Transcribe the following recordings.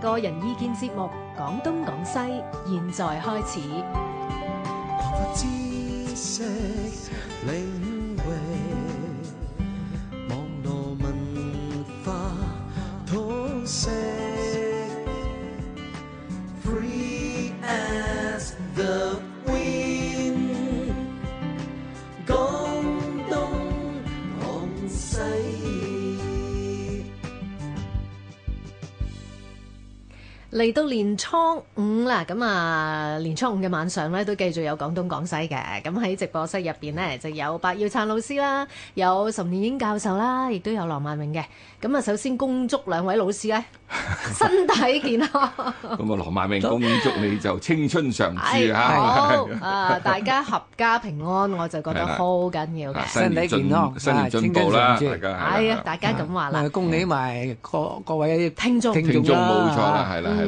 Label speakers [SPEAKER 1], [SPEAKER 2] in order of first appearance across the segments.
[SPEAKER 1] 個人意見節目《講東講西》，現在開始。 嚟到年初五啦，咁啊年初五嘅晚上咧都繼續有講東講西嘅，咁喺直播室入邊咧就有白耀燦老師啦，有岑練英教授啦，亦都有羅曼穎嘅。咁啊，首先恭祝兩位老師咧身體健康。咁
[SPEAKER 2] 啊，羅曼穎恭祝你就青春常駐嚇。好啊，
[SPEAKER 1] 大家合家平安，我就覺得好緊要嘅。身體健康，身體進步啦。係啊，大家咁話啦。恭喜埋各各位聽眾，聽眾冇錯啦，係啦，係。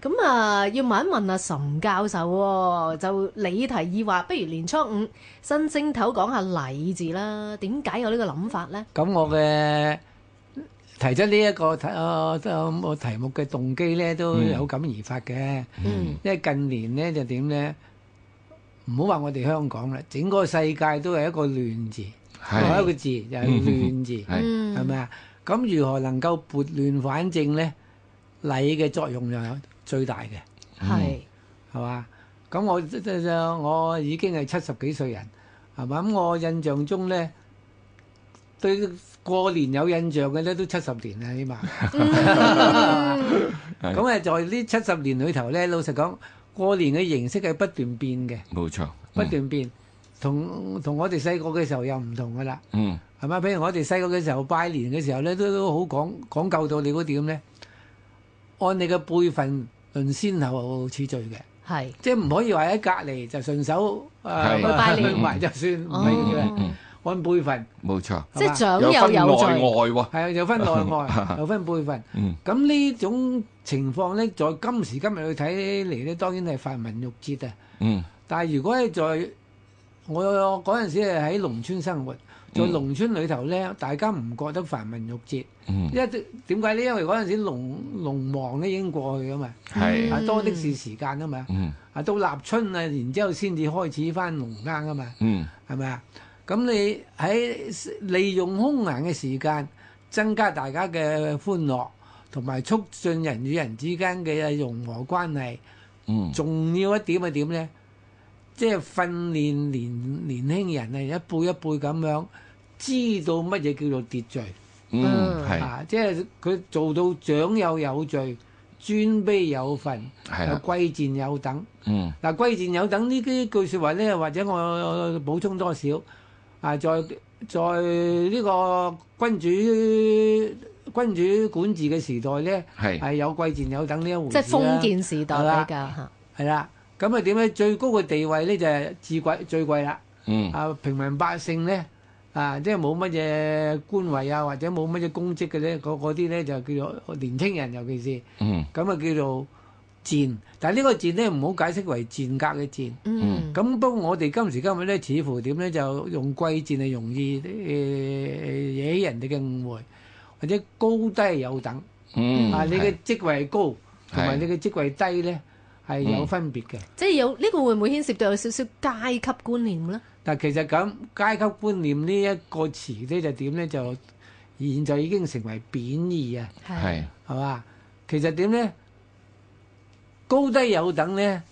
[SPEAKER 1] 咁啊，要問一問阿岑教授，就你提議話，不如年初五新正頭講下禮字啦。點解有呢個諗法咧？
[SPEAKER 3] 咁我嘅提出呢一個啊個題目嘅動機咧，都有感而發嘅。嗯，因為近年咧就點咧，唔好話我哋香港啦，整個世界都係一個亂字，係咪？一個字就係亂字，係咪啊？咁如何能夠撥亂反正咧？禮嘅作用又有。最大嘅，係，係嘛？咁我我已經係七十幾歲人，係嘛？咁我印象中咧，對過年有印象嘅咧，都七十年啦，起碼。咁啊，在呢七十年裏頭咧，老實講，過年嘅形式係不斷變嘅。冇錯，不斷變，同同我哋細個嘅時候又唔同㗎啦。嗯，係嘛？譬如我哋細個嘅時候拜年嘅時候咧，都都好講講究到你嗰點咧，按你嘅輩份。論先後似序嘅，係，即係唔可以話喺隔離就順手誒拜年埋就算唔明嘅，按輩分，
[SPEAKER 2] 冇錯，即係長幼有序，係啊，有分內外，有
[SPEAKER 3] 分輩分。咁呢種情況咧，在今時今日去睇嚟咧，當然係繁文縟節啊。嗯，但係如果喺在我嗰陣時係喺農村生活，嗯、在農村裏頭呢，大家唔覺得繁文縟節，嗯、因為點解呢？因為嗰陣時農農忙咧已經過去噶嘛，是啊多的是時間啊嘛，啊、嗯、到立春啊，然之後先至開始翻農耕噶嘛，係咪啊？咁你喺利用空閒嘅時間，增加大家嘅歡樂，同埋促進人與人之間嘅融合關係。嗯、重要一點係點呢？即係訓練年年輕人啊，一輩一輩咁樣知道乜嘢叫做秩序。嗯，
[SPEAKER 2] 係、啊。
[SPEAKER 3] 是即係佢做到長幼有序、尊卑有份、貴賤、啊、有等。嗯。嗱、啊，貴賤有等呢幾句説話咧，或者我，我補充多少啊？在在呢個君主君主管治嘅時代咧，係係是、啊、有貴賤有等呢一回。即係封建
[SPEAKER 1] 時代比較了。係
[SPEAKER 3] 啦了。咁啊點咧？最高嘅地位咧就係至貴最貴啦。
[SPEAKER 2] 嗯。啊，
[SPEAKER 3] 平民百姓咧，啊，即係冇乜嘢官位啊，或者冇乜嘢公職嘅咧，嗰啲咧就叫做年青人，尤其是。嗯。咁啊，叫做賤。但係呢個賤咧，唔好解釋為賤格嘅賤。嗯。咁不過我哋今時今日咧，似乎點咧就用貴賤係容易誒、呃、惹起人哋嘅誤會，或者高低有等。嗯。啊，是你嘅職位高，同埋你嘅職位低咧。係有分別嘅、
[SPEAKER 1] 嗯，即係有呢、呢個會唔會牽涉到有少少階級觀念咧？
[SPEAKER 3] 但其實咁階級觀念呢一個詞咧就點咧就現在就已經成為貶義啊，係係嘛？其實點咧高低有等咧，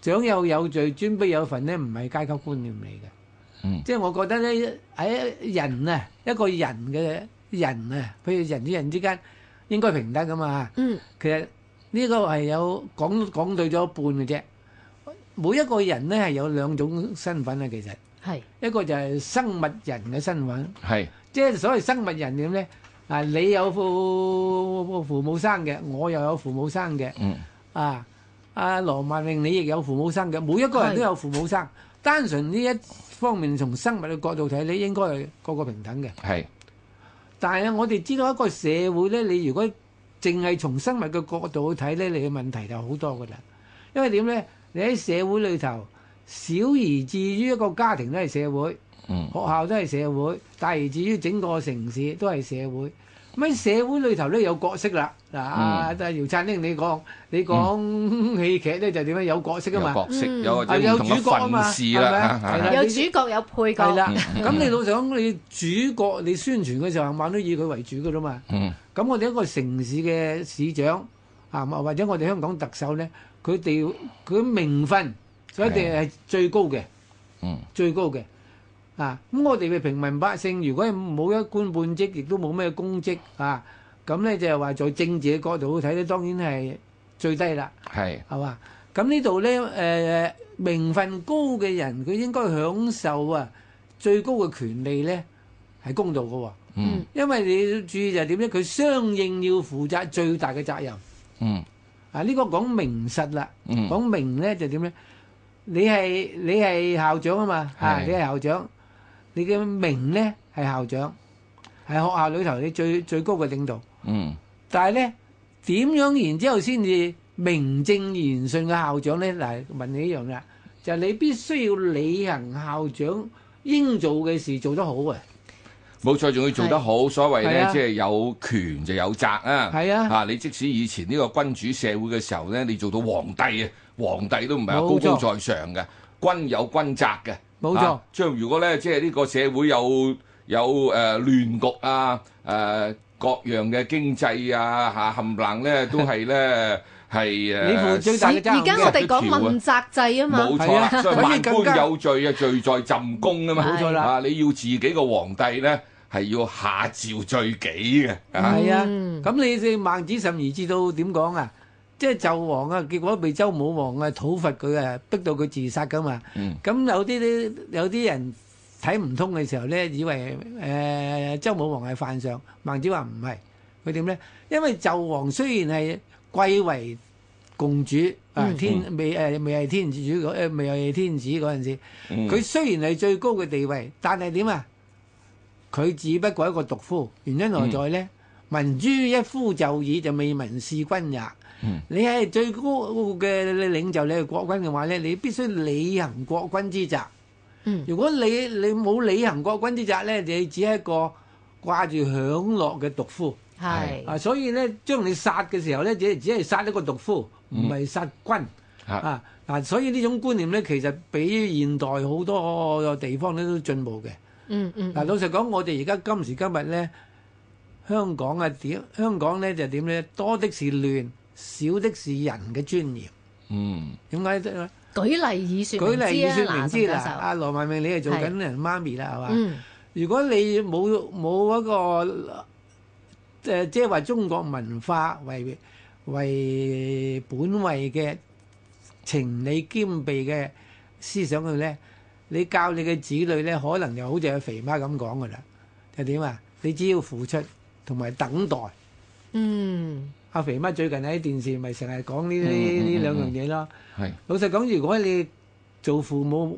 [SPEAKER 3] 長幼有序，尊卑有份咧，唔係階級觀念嚟嘅。嗯，即係我覺得咧喺人啊，一個人嘅人啊，譬如人與人之間應該平等噶嘛。嗯，其實。呢個係有講講對咗一半嘅啫。每一個人呢係有兩種身份啊，其實。係是。一個就係生物人嘅身份。係是。即係所謂生物人點呢？啊，你有父父母生嘅，我又有父母生嘅、嗯啊。啊，阿羅曼穎你亦有父母生嘅，每一個人都有父母生。是單純呢一方面從生物嘅角度睇，你應該係個個平等嘅。
[SPEAKER 2] 係是。
[SPEAKER 3] 但係我哋知道一個社會呢，你如果淨係從生物嘅角度去睇咧，你嘅問題就好多噶啦。因為點咧？你喺社會裏頭，小而至於一個家庭咧，都係社會。學校都係社會，但而至於整個城市都係社會。咁社會裏頭咧有角色啦。嗱、嗯，阿、啊、耀燦英你講你講戲劇咧就點樣有角色啊嘛？嗯、有角色，有或者有主角啊嘛？有主角有配角啦。咁你老實講你主角，你宣傳嘅時候晚都以佢為主噶啦嘛。咁、嗯嗯、我哋一個城市嘅市長啊，或者我哋香港特首咧，佢哋佢名分佢哋係最高嘅，最高嘅。啊，咁我哋嘅平民百姓，如果係冇一官半職，亦都冇咩公職啊，咁咧就係話在政治嘅角度去睇咧，當然係最低啦。係，係嘛？咁呢度咧，誒名分高嘅人，佢應該享受啊最高嘅權利咧，係公道嘅喎。嗯。因為你要注意就係點咧？佢相應要負責最大嘅責任。嗯。啊，呢個講明實啦。嗯。講明咧就點咧？你係你係校長啊嘛？係，你係校長。你嘅名咧係校長，係學校裏頭你最最高嘅領導。嗯，但係咧點樣然之後先至名正言順嘅校長咧？嗱，問你一樣啦，就係你必須要履行校長應做嘅事，做得好啊！
[SPEAKER 2] 冇錯，仲要做得好。所謂咧，即係有權就有責啊！係啊，嚇你即使以前呢個君主社會嘅時候咧，你做到皇帝啊，皇帝都唔係高高在上嘅，君有君責嘅。冇錯，即係如果咧，即係呢個社會有有誒亂局啊，誒各樣嘅經濟啊，嚇冚唪唥咧都係咧係誒。而家我哋講問
[SPEAKER 1] 責制啊嘛，冇錯，萬
[SPEAKER 2] 官有罪啊，罪在朕躬啊嘛，冇錯啦。啊，你要自己個皇帝咧係要下詔罪己
[SPEAKER 3] 嘅。係啊，咁你孟子甚至至到點講啊？即係紂王啊，結果被周武王啊討伐佢啊，逼到佢自殺噶嘛。咁、嗯、有啲啲有啲人睇唔通嘅時候咧，以為誒、呃、周武王係犯上，孟子話唔係佢點咧？因為紂王雖然係貴為共主、嗯、啊，天未誒、呃、未係天子主嗰、呃、未係天子嗰陣時，佢、嗯、雖然係最高嘅地位，但係點啊？佢只不過一個獨夫，原因何在咧、嗯、聞誅一夫紂矣就未聞，聞弒君也。你係最高嘅領袖，你係國君嘅話咧，你必須履行國君之責。嗯，如果你你冇履行國君之責咧，你只係一個掛住享樂嘅獨夫。係啊，所以咧將你殺嘅時候咧，只係只係殺一個獨夫，唔係殺君。啊嗱，所以呢種觀念咧，其實比現代好多嘅地方咧都進步嘅。嗯嗯，嗱老實講，我哋而家今時今日咧，香港啊點？香港咧就點咧？多的是亂。少的是人嘅尊嚴，嗯，點解咧？
[SPEAKER 1] 舉例以説，啊，舉例以
[SPEAKER 3] 説，明知啦，阿羅曼穎，你係做緊人媽咪啦，係嘛？如果你冇冇一個，即係話中國文化為為本位嘅情理兼備嘅思想去咧，你教你嘅子女咧，可能就好似阿肥媽咁講噶啦，就點啊？你只要付出同埋等待，嗯。阿肥媽最近喺電視咪成日講呢呢兩樣嘢咯。係老實講，如果你做父母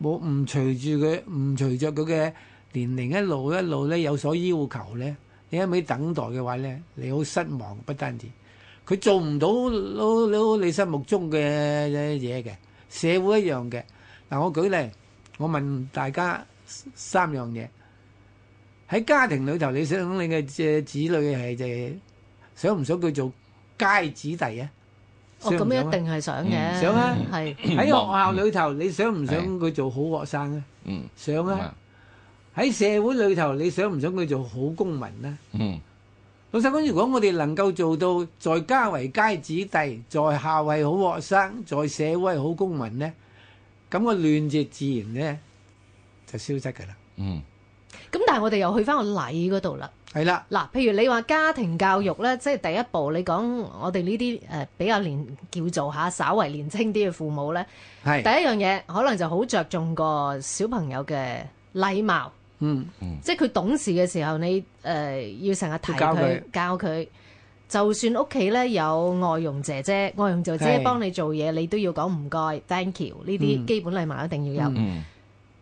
[SPEAKER 3] 冇唔隨住佢，唔隨着佢嘅年齡一路一路咧有所要求咧，你一味等待嘅話咧，你好失望不單止。佢做唔到都都你心目中嘅嘢嘅，社會一樣嘅。嗱，我舉例，我問大家三樣嘢喺家庭裏頭，你想你嘅子子女係就係？想唔想佢做佳子弟啊？哦，咁一定係想嘅。想啊，係喺學校裏頭，你想唔想佢做好學生咧？嗯，想啊。喺社會裏頭，你想唔想佢做好公民咧？嗯。老實講，如果我哋能夠做到在家為佳子弟，在校為好學生，在社會好公民咧，咁個亂字自然咧就消失㗎啦。嗯。
[SPEAKER 1] 咁但係我哋又去翻個禮嗰度啦。係啦，嗱，譬如你話家庭教育咧，嗯、即係第一步，你講，我哋呢啲誒比較年叫做嚇，稍為年青啲嘅父母咧，是第一樣嘢可能就好着重個小朋友嘅禮貌，嗯，即係佢懂事嘅時候，你誒、呃、要成日提佢教佢，就算屋企咧有外傭姐姐、外傭姐姐幫你做嘢，是你都要講唔該，thank you，呢啲基本禮貌一定要有。嗯嗯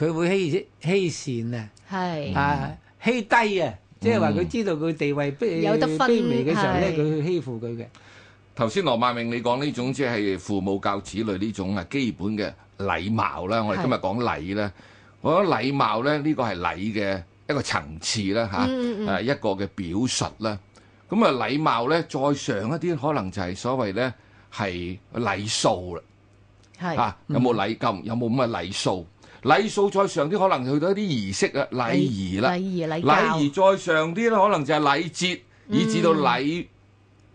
[SPEAKER 3] 佢會欺，欺善啊，係啊欺低啊，即係話佢知道佢地位卑，有得分，卑微嘅時候咧，佢去欺負佢嘅。
[SPEAKER 2] 頭先羅曼穎你講呢種即係父母教子女呢種啊基本嘅禮貌啦。我哋今日講禮咧，我覺得禮貌咧呢個係禮嘅一個層次啦，嚇誒一個嘅表述啦。咁啊，禮貌咧再上一啲，可能就係所謂咧係禮數
[SPEAKER 1] 啦，係啊有冇
[SPEAKER 2] 禮金，有冇咁嘅禮數。禮數再上啲，可能去到一啲儀式啊禮儀啦，禮儀、禮儀、再上啲咧，可能就係禮節，嗯、以至到禮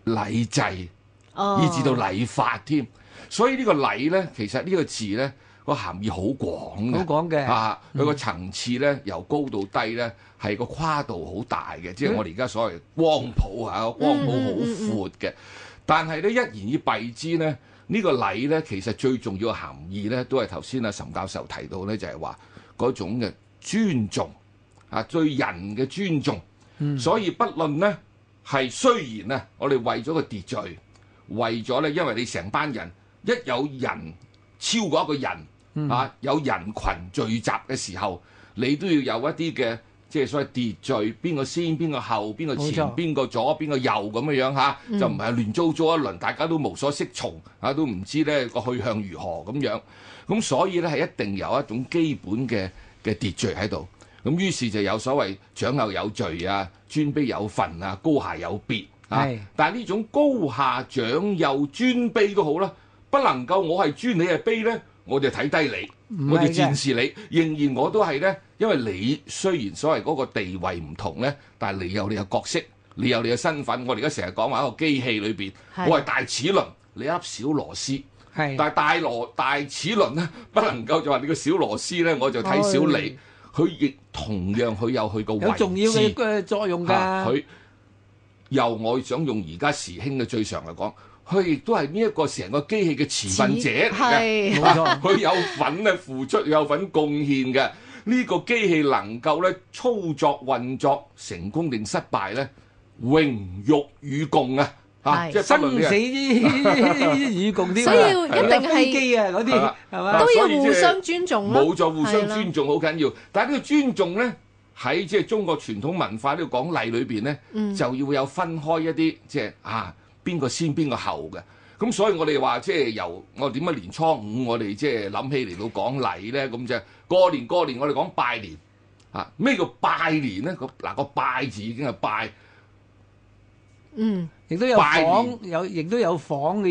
[SPEAKER 2] 禮制，哦、以至到禮法添。所以呢個禮咧，其實呢個字咧個含義好廣嘅，好廣嘅啊。佢個層次咧、嗯、由高到低咧係個跨度好大嘅，即係我哋而家所謂光譜吓、嗯啊，光譜好闊嘅。但係咧一言以蔽之咧。呢個禮呢，其實最重要嘅含義呢，都係頭先阿岑教授提到呢，就係話嗰種嘅尊重啊，對人嘅尊重。嗯、所以不論呢，係雖然呢，我哋為咗個秩序，為咗呢，因為你成班人一有人超過一個人、嗯、啊，有人群聚集嘅時候，你都要有一啲嘅。即係所謂秩序，邊個先，邊個後，邊個前，邊錯個左，邊個右咁樣樣嚇、啊，就唔係亂糟糟一輪，大家都無所適從，嚇、啊、都唔知呢個去向如何咁樣。咁、啊、所以呢，係一定有一種基本嘅嘅秩序喺度。咁、啊、於是就有所謂長幼有序啊，尊卑有份啊，高下有別啊。是但係呢種高下、長幼、尊卑都好啦，不能夠我係尊你係卑呢。我哋睇低你，我哋戰士你，仍然我都係呢，因為你雖然所謂嗰個地位唔同呢，但係你有你嘅角色，你有你嘅身份。我哋而家成日講話一個機器裏邊，的我係大齒輪，你一粒小螺絲。的但係大螺大齒輪咧，不能夠就話你個小螺絲呢。我就睇小你。佢 亦同樣佢有佢個位有重要嘅
[SPEAKER 3] 作用㗎。佢
[SPEAKER 2] 由我想用而家時興嘅最常嚟講。佢亦都係呢一個成個機器嘅持份者嚟冇、啊、錯。佢有份嘅、啊、 付出，有份貢獻嘅。呢、這個機器能夠咧操作運作成功定失敗咧，榮辱與共啊！嚇是、啊，即係生死與共啲、啊。 所以要一定係機啊，嗰啲係嘛？都要互相
[SPEAKER 3] 尊重冇、啊、錯，啊、互相尊
[SPEAKER 2] 重好緊要。的但係呢個尊重咧，喺即係中國傳統文化呢個講禮裏邊咧，嗯、就要有分開一啲，即、就、係、是、啊。啊邊個先邊個後嘅？咁所以我哋話即係由我點解年初五我哋即係諗起嚟到講禮咧咁啫。過年過年我哋講拜年啊！咩叫拜年咧？個嗱個拜字已經係拜，嗯，
[SPEAKER 3] 亦都有房，有
[SPEAKER 2] 亦都有房嘅。